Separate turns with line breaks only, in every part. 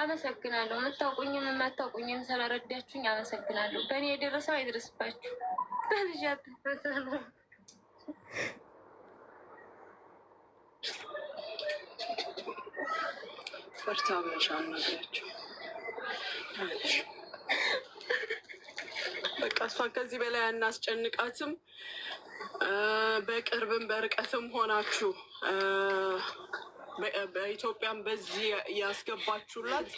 አመሰግናለሁ። የምታውቁኝም የማታውቁኝም ስለረዳችሁኝ አመሰግናለሁ። በእኔ የደረሰው አይደርስባችሁ። በልጅ
ፈርታ በቃ እሷ ከዚህ በላይ አናስጨንቃትም። በቅርብም በርቀትም ሆናችሁ በኢትዮጵያን በዚህ ያስገባችሁላት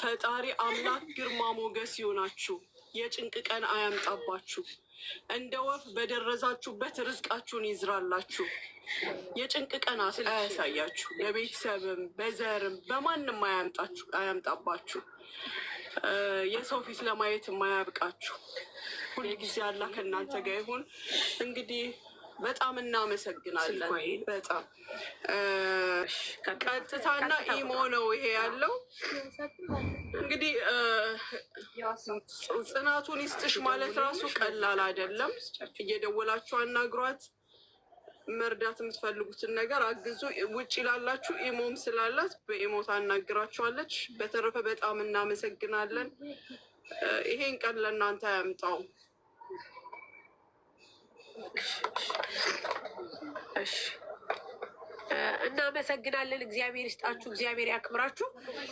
ፈጣሪ አምላክ ግርማ ሞገስ ይሆናችሁ፣ የጭንቅ ቀን አያምጣባችሁ። እንደ ወፍ በደረዛችሁበት ርዝቃችሁን ይዝራላችሁ። የጭንቅ ቀን አያሳያችሁ። በቤተሰብም በዘርም በማንም አያምጣባችሁ። የሰው ፊት ለማየት የማያብቃችሁ ሁልጊዜ አላህ ከእናንተ ጋር ይሁን። እንግዲህ በጣም እናመሰግናለን። በጣም ቀጥታና ኢሞ ነው ይሄ ያለው። እንግዲህ ጽናቱን ይስጥሽ ማለት ራሱ ቀላል አይደለም። እየደወላችሁ አናግሯት። መርዳት የምትፈልጉትን ነገር አግዙ። ውጭ ላላችሁ ኢሞም ስላላት በኢሞ ታናግራችኋለች። በተረፈ በጣም እናመሰግናለን። ይሄን ቀን ለእናንተ ያምጣው። እሺ እናመሰግናለን። እግዚአብሔር ይስጣችሁ፣ እግዚአብሔር ያክብራችሁ።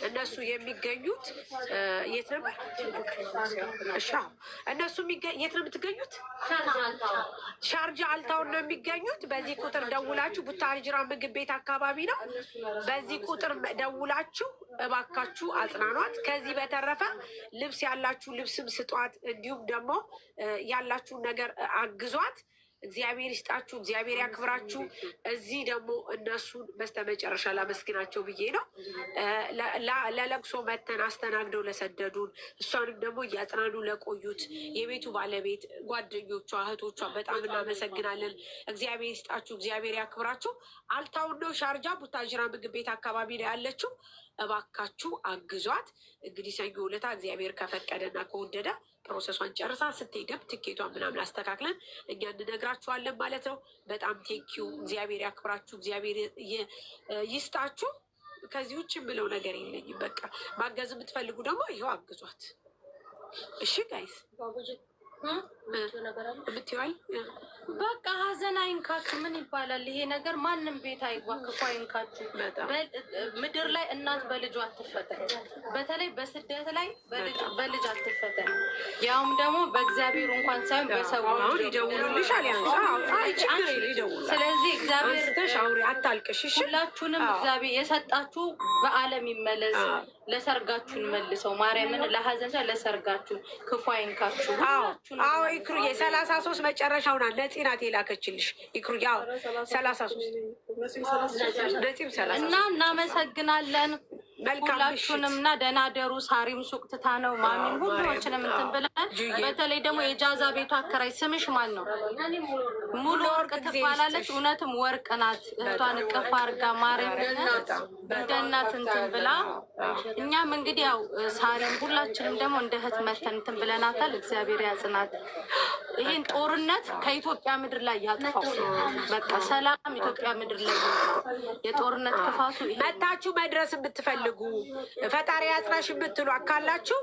እነሱ የሚገኙት የት ነበር? እነሱ የት ነው የምትገኙት? ሻርጃ አልታውን ነው የሚገኙት። በዚህ ቁጥር ደውላችሁ ቡታጅራ ምግብ ቤት አካባቢ ነው። በዚህ ቁጥር ደውላችሁ እባካችሁ አጽናኗት። ከዚህ በተረፈ ልብስ ያላችሁ ልብስም ስጧት፣ እንዲሁም ደግሞ ያላችሁን ነገር አግዟት። እግዚአብሔር ይስጣችሁ፣ እግዚአብሔር ያክብራችሁ። እዚህ ደግሞ እነሱን በስተመጨረሻ ላመስግናቸው ብዬ ነው። ለለቅሶ መተን አስተናግደው ለሰደዱን፣ እሷንም ደግሞ እያጽናኑ ለቆዩት የቤቱ ባለቤት ጓደኞቿ፣ እህቶቿ በጣም እናመሰግናለን። እግዚአብሔር ይስጣችሁ፣ እግዚአብሔር ያክብራችሁ። አልታውን ነው ሻርጃ ቡታጅራ ምግብ ቤት አካባቢ ነው ያለችው። እባካችሁ አግዟት። እንግዲህ ሰኞ ዕለት እግዚአብሔር ከፈቀደና ከወደደ ፕሮሰሷን ጨርሳ ስትሄደም ትኬቷን ምናምን አስተካክለን እኛ እንነግራችኋለን ማለት ነው። በጣም ቴንኪዩ። እግዚአብሔር ያክብራችሁ፣ እግዚአብሔር ይስጣችሁ። ከዚህ ውጭ የምለው ነገር የለኝም። በቃ ማገዝ የምትፈልጉ ደግሞ ይኸው አግዟት። እሺ ጋይስ ብትይዋል
በቃ ሀዘን አይንካችሁ። ምን ይባላል ይሄ ነገር? ማንም ቤት አይግባ፣ ክፉ አይንካችሁ። ምድር ላይ እናት በልጇ አትፈተን። በተለይ በስደት ላይ በልጅ አትፈተን። ያውም ደግሞ በእግዚአብሔር እንኳን ሳይሆን በሰው
ይደውሉልሻል።
ስለዚህ እግዚአብሔር ሁላችሁንም እግዚአብሔር የሰጣችሁ በዓለም ይመለስ። ለሰርጋችሁን መልሰው ማርያምን ለሀዘን ለሰርጋችሁ ክፉ አይንካችሁ።
አዎ ኢክሩዬ ሰላሳ ሶስት መጨረሻው ናት። ለፂ የላከችልሽ ኢክሩዬ። አዎ ሰላሳ ሶስት
እና እናመሰግናለን ሁላችሁንም እና ደህና ደሩ። ሳሪም ሱቅ ትታ ነው ማሚን ሁላችንም እንትን ብለን በተለይ ደግሞ የጃዛ ቤቱ አከራይ ስምሽ ማን ነው? ሙሉ ወርቅ ትባላለች። እውነትም ወርቅ ናት። እህቷን እቅፍ አድርጋ ማርያም እንደ እንትን ብላ እኛም እንግዲህ ያው ሳሪያም ሁላችንም ደግሞ እንደ እህት መተን እንትን ብለናታል። እግዚአብሔር ያጽናት። ይህን ጦርነት ከኢትዮጵያ ምድር ላይ ያጥፋው። በቃ ሰላም ኢትዮጵያ ምድር ላይ የጦርነት ክፋቱ
መታችሁ መድረስ የምትፈልጉ ፈጣሪ ያጽናሽ የምትሉ አካላችሁ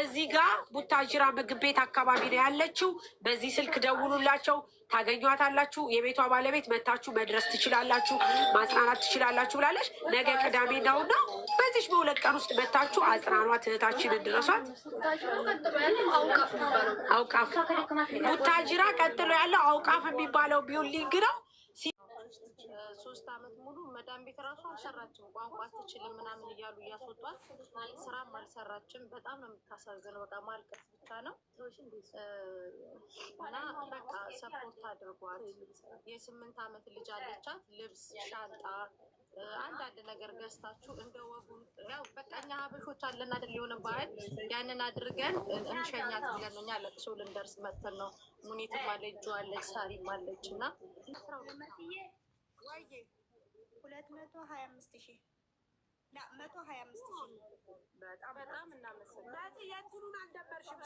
እዚህ ጋር ቡታጅራ ምግብ ቤት አካባቢ ነው ያለችው። በዚህ ስልክ ደውሉላቸው ታገኟታላችሁ። የቤቷ ባለቤት መታችሁ መድረስ ትችላላችሁ፣ ማጽናናት ትችላላችሁ ብላለች። ነገ ቅዳሜ ነውና በዚች በሁለት ቀን ውስጥ መታችሁ አጽናኗት፣ እህታችንን ድረሷት። አውቃፍ ቡታጅራ ቀጥሎ ያለው አውቃፍ የሚባለው ቢውልዲንግ ነው።
ሶስት አመት ሙሉ መዳን ቤት ራሱ አልሰራችም፣ ቋንቋ ትችልም ምናምን እያሉ እያስወጧት ስራም አልሰራችም። በጣም ነው የምታሳዝነው። በቃ ማልቀስ ብቻ ነው። እና በቃ ሰፖርት አድርጓት። የስምንት አመት ልጅ አለቻት። ልብስ፣ ሻንጣ፣ አንዳንድ ነገር ገዝታችሁ እንደ ወጉ ያው በቃ እኛ ሀበሾች አለን አይደል የሆነ ባህል ያንን አድርገን እንሸኛት ብለን ነው እኛ ለቅሶ ልንደርስ መጥተን ነው። ሙኒትም አለ እጁ አለች፣ ሳሪም አለች እና ቆይ ሁለት መቶ ሀያ አምስት ሺህ መቶ ሀያ አምስት ሺህ
በጣም እናመሰግናለን። የእንትኑን አልደመርሽም?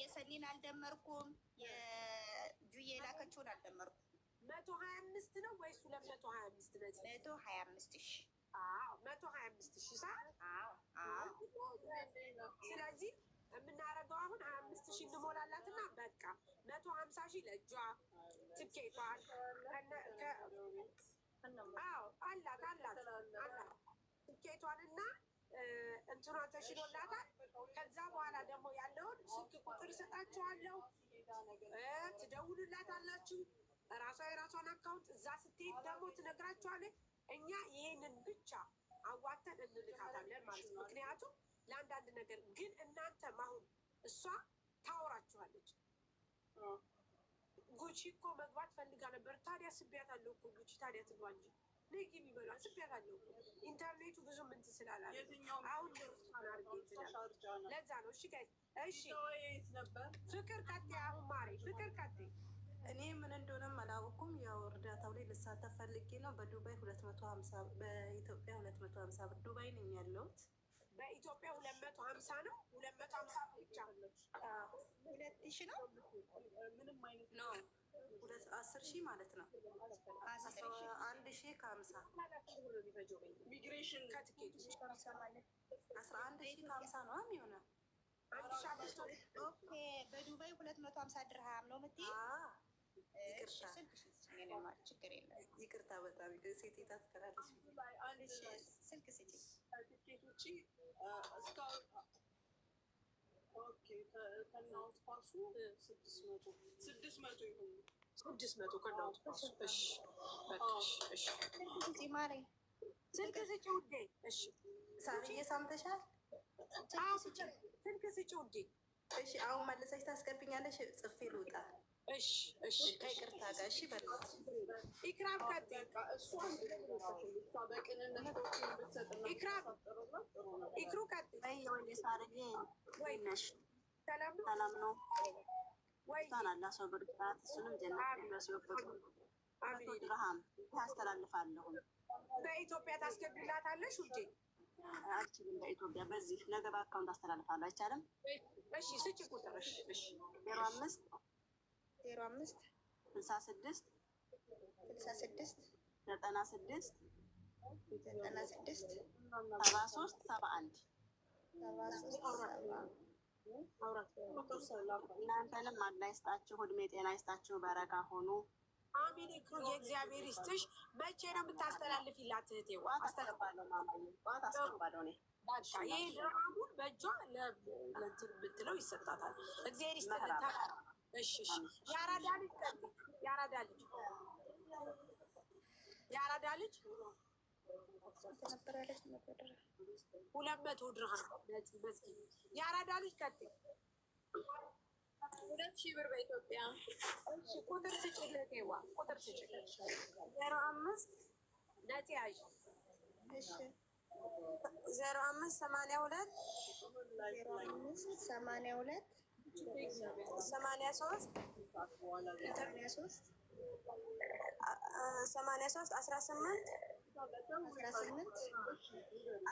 የሰኒን አልደመርኩም። የጁዬ የላከችውን አልደመርኩም።
መቶ ሀያ አምስት ነው ወይስ ሁለት መቶ ሀያ አምስት
መቶ ሀያ አምስት ሺህ
መቶ ሀያ አምስት ሺህ ስለዚህ የምናደርገው አሁን ሀያ አምስት ሺ እንሞላላት እና በቃ መቶ ሀምሳ ሺ ለእጇ ትኬቷን አላት አላት አላት ትኬቷን እና እንትኗ ተሽሎላታል። ከዛ በኋላ ደግሞ ያለውን ስልክ ቁጥር ይሰጣችኋለሁ፣ ትደውሉላታላችሁ። ራሷ የራሷን አካውንት እዛ ስትሄድ ደግሞ ትነግራችኋለች። እኛ ይሄንን ብቻ አዋተን እንልካታለን ማለት ነው ምክንያቱም ለአንዳንድ ነገር ግን እናንተ ማሁን እሷ ታወራችኋለች። ጉቺ እኮ መግባት ፈልጋ ነበር። ታዲያ ስቢያታለሁ እኮ ጉቺ፣ ታዲያ ትግባ እንጂ የሚበላ ስቢያት አለው እኮ ኢንተርኔቱ ብዙ ምንት ስላላለ አሁን ለዛ ነው። እሺ ጋይ እሺ፣ ፍቅር ቀጤ፣ አሁን ማሬ ፍቅር ቀጤ
እኔ ምን እንደሆነም አላወኩም። ያው እርዳታው ላይ ልሳተፍ ፈልጌ ነው። በዱባይ ሁለት መቶ ሀምሳ በኢትዮጵያ ሁለት መቶ ሀምሳ ብር ዱባይ ነኝ ያለሁት
በኢትዮጵያ ሁለት መቶ ሀምሳ ነው። ሁለት መቶ ሀምሳ ብቻ
ሁለት ሺ ነው። ምንም አይነት ነው። ሁለት አስር ሺህ ማለት ነው። አንድ ሺህ ከሀምሳ ሚግሬሽን ከትኬቱ አስራ አንድ ሺህ ከሀምሳ ነው የሚሆነ ኦኬ በዱባይ ሁለት መቶ ሀምሳ ድርሃም ነው ምት
ይቅርታ ምንም ችግር የለም። ይቅርታ በጣም ሴት ታስከራለች።
ስልክ ስጪ ትኬቶች ስልክ
ስጪ ውዴ። እሺ
ሳምዬ ሰምተሻል?
ስልክ ስጪ ውዴ።
እሺ አሁን መልሰሽ ታስገብኛለሽ። ጽፌ ልውጣ
ከይቅርታ ጋር እሺ። ኢክራም
ሰላም ነው። እሷን አላ ሰው በርግጣት እሱንም ጀነት የሚያስወብቅ መቶ ድርሃም ያስተላልፋለሁ።
በኢትዮጵያ ታስገቢላታለሽ ውዴ
አልችልም። በኢትዮጵያ በዚህ ነገ በአካውንት አስተላልፋለሁ። አይቻልም።
እሺ ስጭ ቁጥር
ዜሮ አምስት ዜሮ አምስት ስልሳ ስድስት ስልሳ ስድስት ዘጠና ስድስት ዘጠና ስድስት ሰባ ሶስት ሰባ አንድ እናንተንም አላህ ይስጣችሁ፣ እድሜ ጤና ይስጣችሁ፣ በረካ ሆኑ።
አሚን ክሩ የእግዚአብሔር ይስጥሽ። መቼ ነው የምታስተላልፊላት? እህቴ ይህ ድራሙን በእጇ ለእንትን ብትለው ይሰጣታል። እግዚአብሔር ይስጥልኝ። እሺ፣ እሺ። የአራዳ ልጅ የአራዳ ልጅ የአራዳ ልጅ ሁለት መቶ ድርሃም የአራዳ ልጅ ቀጥ
ሁለት ሺህ ብር በኢትዮጵያ።
እሺ፣ ቁጥር ስጭለት ይዋ ቁጥር ስጭለት
ዜሮ አምስት ነጽ ያዥ እሺ ዜሮ አምስት ሰማንያ ሁለት ዜሮ አምስት ሰማንያ ሁለት ሰማንያ ሶስት አስራ ስምንት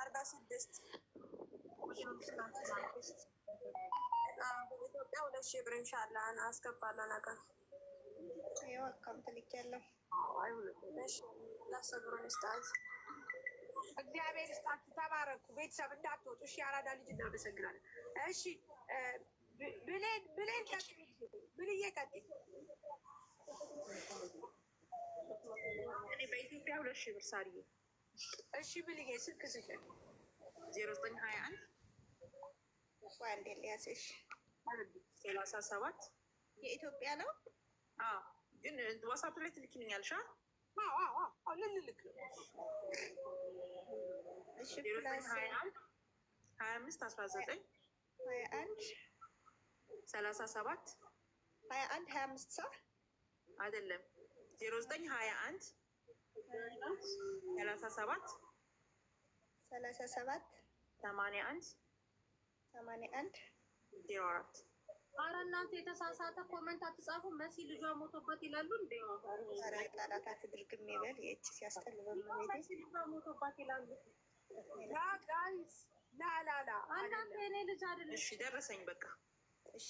አርባ ስድስት ኢትዮጵያ ሁለት ሺህ ብር ኢንሻላህ አስገባለሁ ነገር አካውንት ልኬያለሁ።
እግዚአብሔር ስጣት። ተባረኩ ቤተሰብ እንዳትወጡ። እሺ፣ አራዳ ልጅ እናመሰግናለን። እሺ
በኢትዮጵያ ሁለት ሺህ ብር ሳሪ።
እሺ ብልዬ ስልክ ስጭን ዜሮ ዘጠኝ ሀያ አንድ ሰላሳ ሰባት
የኢትዮጵያ ነው።
ግን ዋሳፕ ላይ ትልኪልኛለሽ። ልልክ ሀያ አምስት አስራ ዘጠኝ ሀያ አንድ ሰላሳ ሰባት
ሀያ አንድ ሀያ አምስት ሰ
አይደለም ዜሮ ዘጠኝ ሀያ አንድ ሰላሳ ሰባት
ሰላሳ ሰባት
ሰማንያ አንድ ሰማንያ አንድ ዜሮ አራት
አረ እናንተ የተሳሳተ ኮመንት አትጻፉ። መሲ ልጇ ሞቶባት ይላሉ እንዴ! ኧረ ቃላታት ድርግም ይበል። ይህች ሲያስጠል መሲ ልጇ ሞቶባት
ይላሉ። ላላላ
እናንተ እኔ ልጅ አይደለም።
እሺ ደረሰኝ በቃ እሺ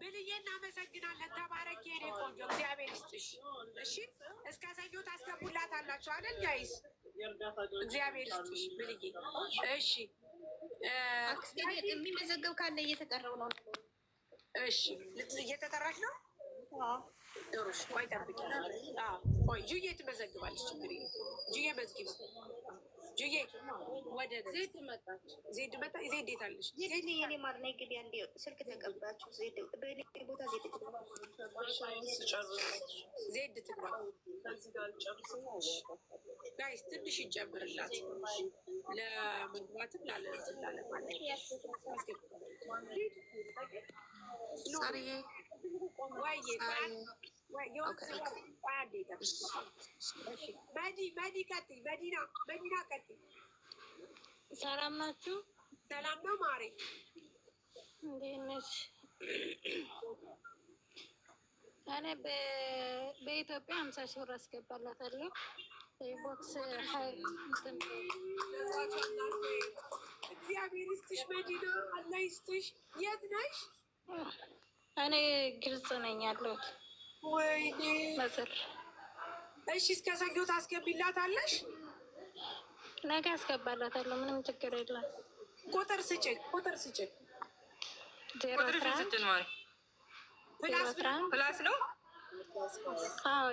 ብልዬ እናመሰግናለን። ተባረክ የኔ ቆንጆ እግዚአብሔር ይስጥሽ። እሺ እስከ ሰኞ ታስገቡላታላችሁ አይደል? ጋይስ እግዚአብሔር ይስጥሽ ብልዬ። እሺ
የሚመዘገብ ካለ እየተጠራው ነው።
እሺ እየተጠራች ነው። ጥሩሽ ቆይ ጠብቂ። ቆይ ጁዬ ትመዘግባለች። ችግር ጁዬ መዝጊብ። ጁዬ
ወደ ዜድ መጣች።
ዜድ መጣ። ዜድ የት አለች?
ዜድ የኔ ማር ነይ ግቢ። አንዴ ስልክ ተቀባችሁ። ዜድ በእኔ ቦታ ዜድ
ዜድ ትግባ። ጋይስ ትንሽ ይጨምርላት ለመግባትም ላለ ላለ
ሰላም ናችሁ?
ሰላም ነው ማሬ፣
እንዴት ነሽ? እኔ በኢትዮጵያ ሀምሳ ሺህ ብር አስገባላታለሁ። ቦክስ
እግዚአብሔር ይስጥሽ። መዲና አላህ ይስጥሽ። የት ነሽ?
እኔ ግልጽ ነኝ ያለሁት። ወይ መዝር
እሺ፣ እስከ ሰኞ ታስገቢላታለሽ?
ነገ አስገባላታለሁ። ምንም ችግር የለም።
ቁጥር ስጭኝ፣ ቁጥር ስጭኝ። ፕላስ ነው?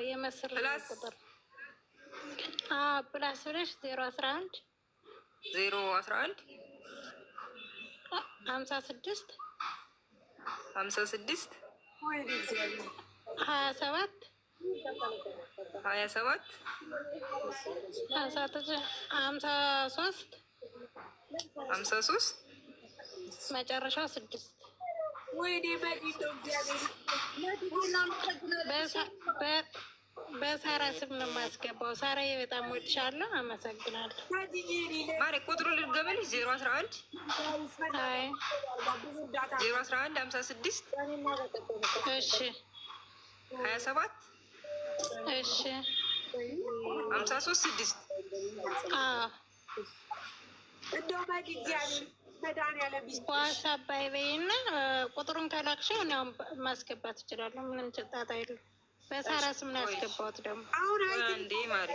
የመስር ቁጥር
ፕላስ ብለሽ ዜሮ አስራ አንድ
ዜሮ አስራ አንድ
ሀምሳ ስድስት
ሀምሳ ስድስት
ሀያ ሰባት ሀያ ሰባት ሀምሳ ሶስት ሀምሳ ሶስት መጨረሻ ስድስት ወይኔ በኢትዮጵያ በሳራ ስም ነው የማስገባው። ሳራ በጣም ወድሻለሁ። አመሰግናለሁ።
ማሪ ቁጥሩ ልድገበልሽ፣ ዜሮ አስራ አንድ ዜሮ አስራ አንድ ሀምሳ ስድስት እሺ ሀያ ሰባት እሺ ሀምሳ ሶስት ስድስት
እንደው መድያለሁ ዋትስአፕ ቁጥሩን ከላክሽው እኔ አሁን ማስገባት እችላለሁ። ምንም ጭጣት አይደለም። በሳራ ስም ነው ያስገባሁት። ደግሞ
አሁን እንዴ ማሪ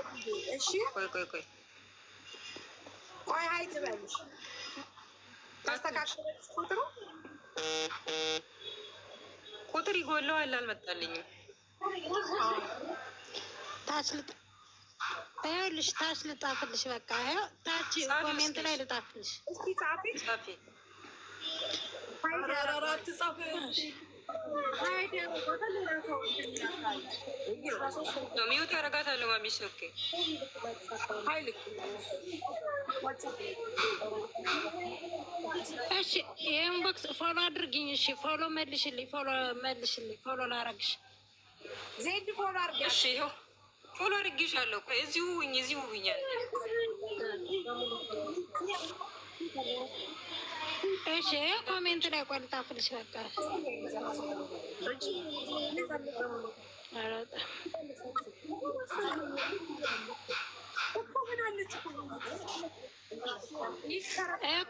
እሺ፣ ቆይ ቆይ ቆይ ቆይ ሀይ ትበልሽ ተስተካክለ ቁጥሩ ቁጥር ይጎለዋል። አልመጣልኝም።
ታች ልጣ ይኸውልሽ፣ ታች ልጣፍልሽ። በቃ ይኸው ታች ኮሜንት ላይ ልጣፍልሽ።
እስኪ ጻፊ ጻፊ ሚውት ያደርጋታለሁ። ማሚሽ ኦኬ
እሺ፣ ይሄን ቦክስ ፎሎ አድርጊኝ። እሺ፣ ፎሎ መልሽልኝ፣ ፎሎ መልሽልኝ፣ ፎሎ ላረግሽ።
ዜድ ፎሎ አድርጊኝ። እሺ፣ ይኸው ፎሎ አድርጊሻለሁ። ቆይ እዚሁ ሁኝ፣ እዚሁ ሁኛል
እሺ ኮሜንት ላይ ቆልጣ ፍልሽ በቃ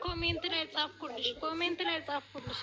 ኮሜንት ላይ ጻፍኩልሽ፣ ኮሜንት ላይ ጻፍኩልሽ።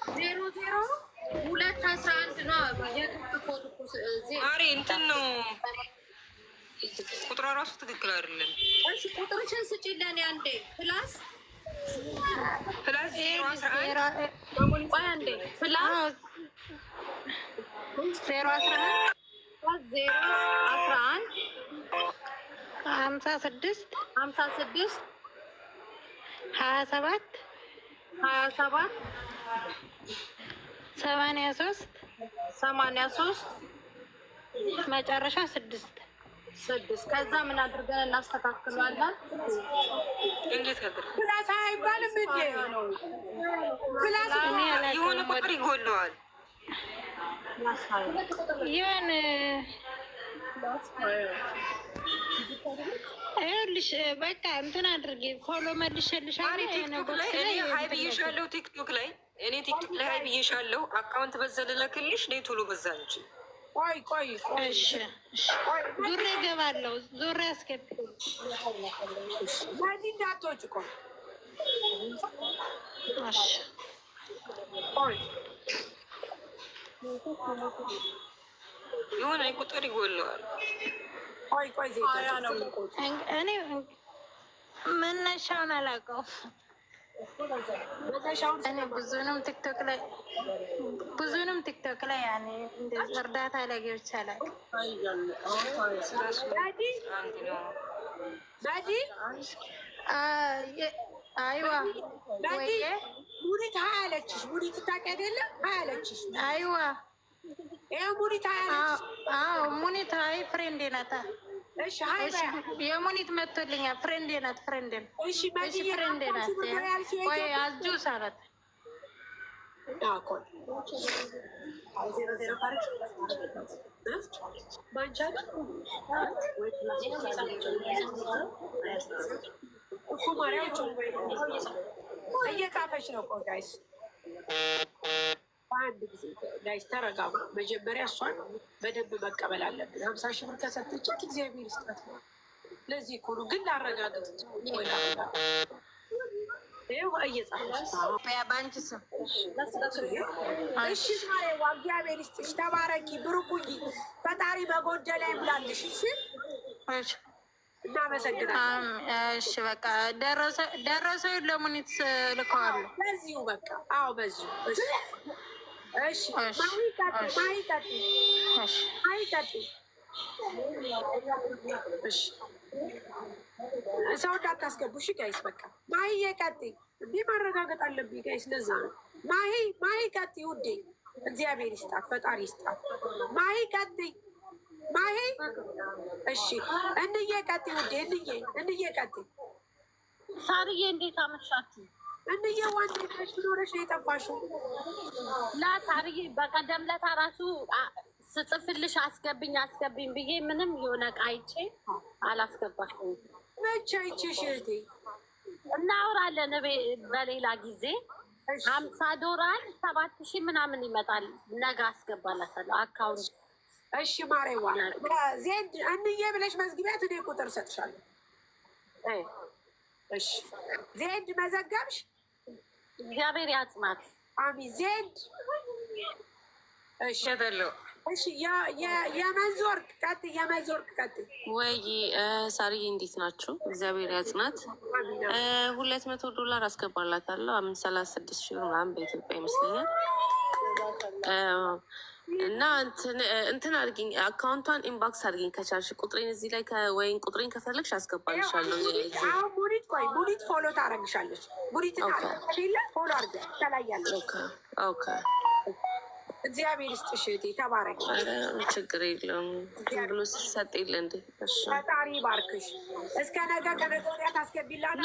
ዜሮ ዜሮ ሁለት አስራ አንድ ነው። እንትን ነው ቁጥሯ ራሱ ትክክል አይደለም።
እሺ ቁጥርሽን ስጪለን አንዴ። ፕላስ ሀምሳ ስድስት ሀያ ሰባት
ሀያ ሰባት
ሰማንያ ሶስት
ሰማንያ ሶስት
መጨረሻ ስድስት
ስድስት ከዛ ምን አድርገን እናስተካክሏለን? እንዴት ፕላስ አይባልም እንዴ? የሆነ ቁጥር ይጎለዋል።
ይሆን ይኸውልሽ በቃ እንትን አድርጌ ፎሎ መልሼልሽ
ብዬሻለሁ። ቲክቶክ ላይ እኔ ቲክቶክ ላይ ሀይ ብዬሻለሁ። አካውንት በዛ ልላክልሽ። ነይ ቶሎ በዛ እንጂ ቆይ ቆይ
ዙሬ እገባለሁ። ዙሬ አስገብቶልሽ
እንዳትወጪ ቆይ የሆነ ቁጥር ይጎለዋል።
እኔ መነሻውን አላውቀውም። እኔ ብዙንም ቲክቶክ ላይ ብዙንም ቲክቶክ ላይ ያኔ እርዳታ ላይ ገብቼ አላውቅም። አይዋ
ወይዬ ቡሪት ሀያ አለችሽ። ቡሪት ታውቂ አይደለም ሀያ አለችሽ። አይዋ ሙኒት
ሙኒት አይ ፍሬንዴ ናት። የሙኒት መቶልኛል። ፍሬንዴ ናት። ፍሬንዴ ፍሬንዴ ናት። ወይ አጁስ አላት።
እየጻፈች ነው እኮ ጋይስ በአንድ ጊዜ ላይ ተረጋጉ። መጀመሪያ እሷን በደንብ መቀበል አለብን። ሀምሳ ሺህ ብር ከሰጠቻት እግዚአብሔር ይስጣት ነው። ለዚህ ኩሉ ግን ላረጋግጥ እግዚአብሔር ይስጥሽ፣ ተባረኪ፣ ብሩኩይ ፈጣሪ በጎደለ እሺ እናመሰግናለሽ።
በቃ ደረሰው ለሙኒት ልከዋለሁ።
በዚሁ በቃ አዎ፣ በዚሁ ሰው እንዳታስገቡ እሺ ጋይስ። በቃ ማሂ የቀጤ እንዴ ማረጋገጥ አለብኝ ጋይስ። ለዛ ነው ማሂ ማሂ ቀጤ ውዴ፣ እግዚአብሔር ይስጣት፣ ፈጣሪ ይስጣት። ማሂ ቀጤ ማሂ እሺ፣ እንዬ ቀጤ ውዴ፣ እንዬ እንዬ ቀጤ።
ሳርዬ እንዴት አመሻችሁ? እንየው አንድ ምን በቀደም ለታ ራሱ ስጽፍልሽ አስገብኝ አስገብኝ ብዬ ምንም የሆነ ዕቃ አላስገባሽም።
መቼ አይቼሽ? እህቴ
በሌላ ጊዜ። ሀምሳ ዶላር ሰባት ሺህ ምናምን ይመጣል። ነገ አስገባላታለሁ አካውንት።
እሺ ማሬዋ ዜድ እንዬ ብለሽ መዝግቢያት፣ እኔ ቁጥር እሺ ዜድ መዘገብሽ
እግዚአብሔር ያጽናት።
ዜድ እሸተለው የመንዝ ወርቅ ቀጥ የመንዝ ወርቅ ቀጥ
ወይ ሳርዬ፣ እንዴት ናችሁ? እግዚአብሔር ያጽናት። ሁለት መቶ ዶላር አስገባላታለሁ። አምስት ሰላሳ ስድስት ሺህ ምናምን በኢትዮጵያ ይመስለኛል። እና እንትን አድርጊኝ፣ አካውንቷን ኢንባክስ አድርጊኝ ከቻልሽ። ቁጥሬን እዚህ ላይ ወይም ቁጥሬን ከፈለግሽ አስገባልሻለሁ።
ቡሪት ቆይ፣ ቡሪት ፎሎ ታረግሻለች። ቡሪት ሌላ ፎሎ አርገ ተለያለች። እግዚአብሔር ይስጥሽ እህቴ፣ ተባረኪ።
ችግር የለም ዝም ብሎ ሲሰጥ የለ እንዴ
ፈጣሪ ባርክሽ። እስከ ነገ ከነገ ወዲያ ታስገቢላል።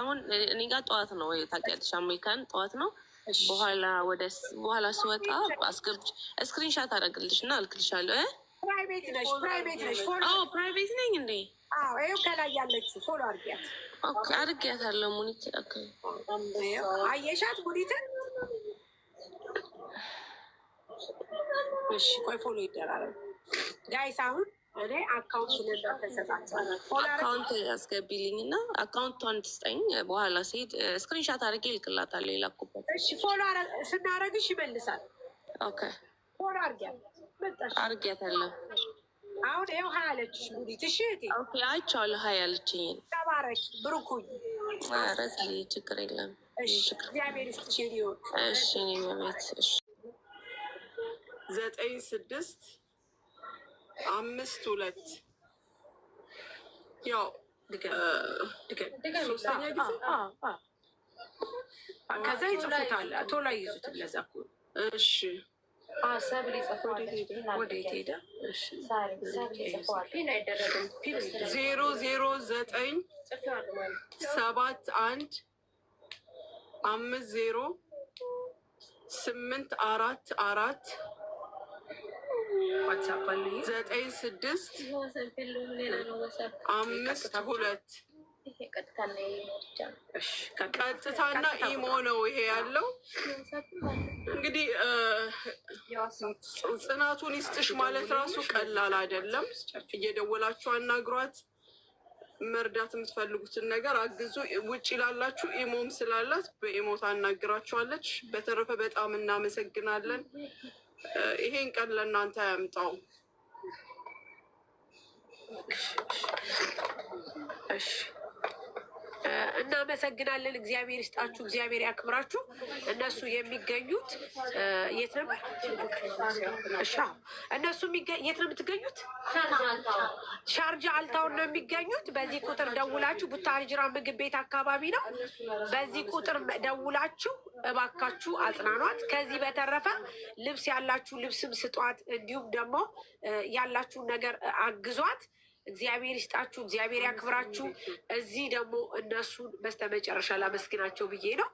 አሁን እኔ ጋር ጠዋት ነው ታውቂያለሽ፣ አሜሪካን ጠዋት ነው በኋላ ወደ በኋላ ስወጣ አስገብቼ እስክሪንሻት አደረግልሽ እና እልክልሻለሁ።
ፕራይቬት ነኝ እንዴ? ይኸው ከላይ ያለችው ፎሎ አድርጊያት።
ኦኬ አድርጊያታለሁ። ሙኒት
አየሻት? ሙኒትን እሺ፣ ቆይ ፎሎ ይደራረግ ጋይስ። አሁን እኔ አካውንት ተሰጣቸዋል።
አካውንት አስገቢልኝ እና አካውንቷን ትስጠኝ። በኋላ ስሄድ ስክሪንሻት አድርጌ እልክላታለሁ የላኩበት
ፎሎ ስናረግሽ ይመልሳል። ፎሎ አርጊያት
አርጊያታለሁ።
አሁን ይኸው ሀያ አለችሽ ሙኒት። እሺ
እህቴ አይቼዋለሁ። ሀያ አለችኝ።
ተባረክ ብሩኩኝ።
ኧረ ችግር የለም።
እግዚአብሔር ይስጥሽ። ዘጠኝ ስድስት አምስት ሁለት ያው ሶስተኛ ጊዜ ከዛ ይጽፉታል። ቶሎ ይዙት ለዛ እሺ ሰብ ዜሮ ዜሮ ዘጠኝ ሰባት አንድ አምስት ዜሮ ስምንት አራት አራት ዘጠኝ ስድስት አምስት ሁለት ቀጥታና ኢሞ ነው ይሄ ያለው። እንግዲህ ጽናቱን ይስጥሽ ማለት ራሱ ቀላል አይደለም። እየደወላችሁ አናግሯት። መርዳት የምትፈልጉትን ነገር አግዙ። ውጭ ላላችሁ ኢሞም ስላላት በኢሞ ታናግራችኋለች። በተረፈ በጣም እናመሰግናለን። ይሄን ቀን ለእናንተ አያምጣው። እሺ እናመሰግናለን። እግዚአብሔር ይስጣችሁ፣ እግዚአብሔር ያክብራችሁ። እነሱ የሚገኙት የት ነበር? እሻ እነሱ የት ነው የምትገኙት? ሻርጃ አልታውን ነው የሚገኙት። በዚህ ቁጥር ደውላችሁ ቡታጅራ ምግብ ቤት አካባቢ ነው። በዚህ ቁጥር ደውላችሁ እባካችሁ አጽናኗት። ከዚህ በተረፈ ልብስ ያላችሁ ልብስም ስጧት፣ እንዲሁም ደግሞ ያላችሁን ነገር አግዟት። እግዚአብሔር ይስጣችሁ፣ እግዚአብሔር ያክብራችሁ። እዚህ ደግሞ እነሱን በስተመጨረሻ ላመስግናቸው ብዬ ነው።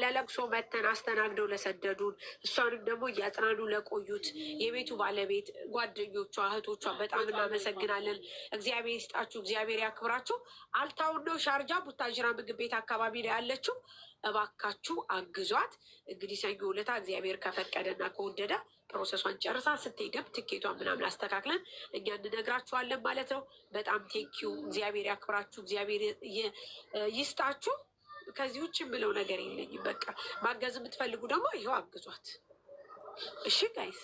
ለለቅሶ መተን አስተናግደው ለሰደዱን፣ እሷንም ደግሞ እያጽናኑ ለቆዩት የቤቱ ባለቤት ጓደኞቿ፣ እህቶቿ በጣም እናመሰግናለን። እግዚአብሔር ይስጣችሁ፣ እግዚአብሔር ያክብራችሁ። አልታውን ነው ሻርጃ ቡታጅራ ምግብ ቤት አካባቢ ነው ያለችው። እባካችሁ አግዟት። እንግዲህ ሰኞ ዕለት እግዚአብሔር ከፈቀደና ከወደደ ፕሮሰሷን ጨርሳ ስትሄድም ትኬቷን ምናምን አስተካክለን እኛ እንነግራችኋለን ማለት ነው። በጣም ቴንኪዩ። እግዚአብሔር ያክብራችሁ፣ እግዚአብሔር ይስጣችሁ። ከዚህ ውጭ የምለው ነገር የለኝም። በቃ ማገዝ የምትፈልጉ ደግሞ ይኸው አግዟት። እሺ ጋይስ